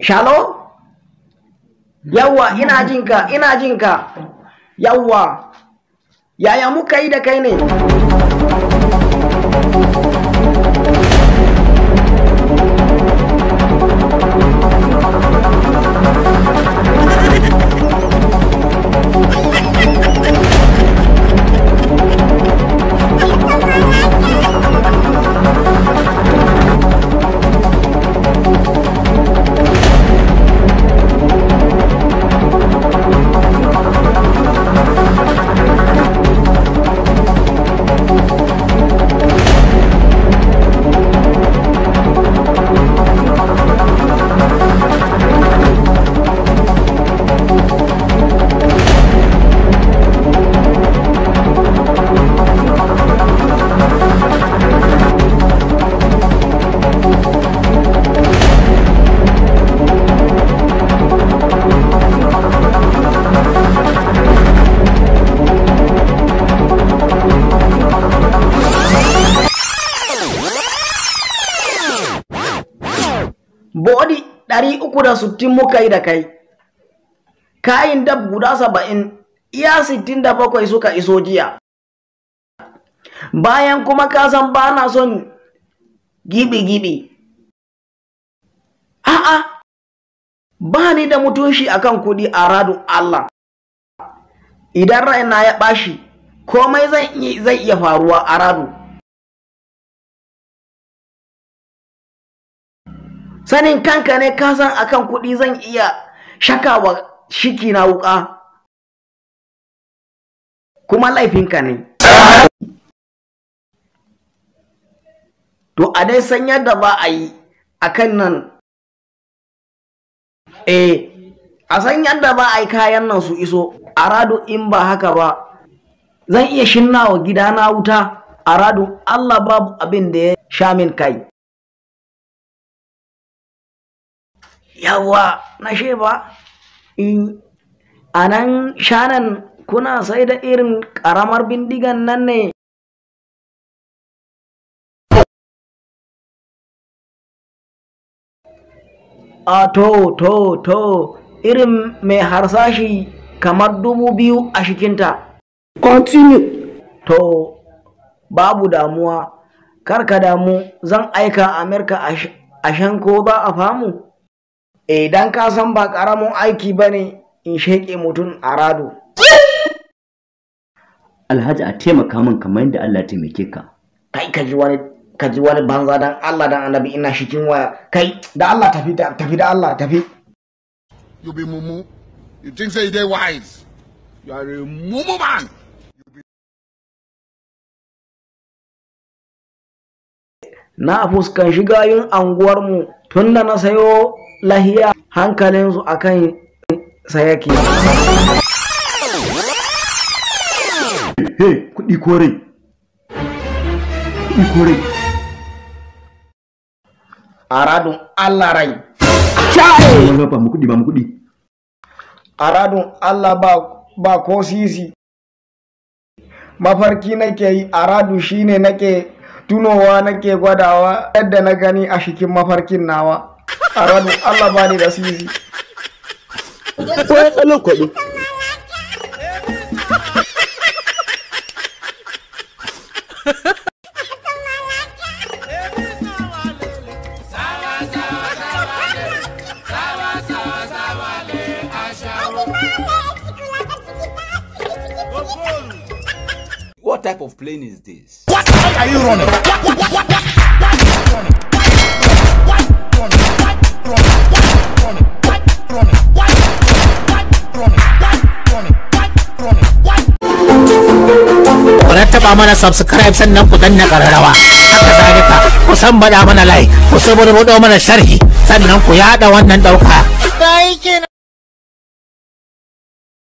shalo yawwa ina mm. jinka ina jinka yawwa yaya muka yi da kai ne Bodi ɗari uku da sittin muka yi da kai kayin dab guda saba'in iya sittin da bakwai suka iso jiya bayan kuma ka san ba na son gibi-gibi a'a ba ni da mutunci akan kuɗi a radu Allah idan raina ya bashi, komai zai iya faruwa a radu sanin kanka ne ka san akan kuɗi zan iya shakawa shiki na wuƙa kuma laifinka ne to a dai san yadda ba a yi a kan nan eh a san yadda ba a yi kayan nan su iso a rado in ba haka ba zan iya shinnawa gidana wuta a rado allah babu abin da ya sha min kai yawwa na sheba a nan shanan kuna sai da irin ƙaramar bindigan nan ne a to to to irin mai harsashi kamar dubu biyu a shikinta continue to babu damuwa karka damu zan aika amerika a shanko ba a famu idan ka san ba ƙaramin aiki ba ne in sheƙe mutum a rado alhaji a taimaka min kamar yadda allah taimake ka kai ka ji wani ka ji wani banza dan allah dan annabi ina shikin waya kai da allah tafi tafi da allah tafi you be mumu you think say you dey wise you are a mumu man na fuskan shiga yin anguwarmu Tunda na sayo lahiya hankalinsu akan sayake kuɗi kore kuɗi kore aradun allah rai ba mu ba mu allah ba ko sisi mafarki nake yi aradu shine nake tunowa nake gwadawa yadda na gani a cikin mafarkin nawa a Allah bani da sisi. What type of plane is this? What are you running? What, what, what, what, what, taba mana subscribe sannan ku danna kararrawa haka zalika ku san bada mana like ku saburbudo mana sharhi sannan ku yada wannan dauka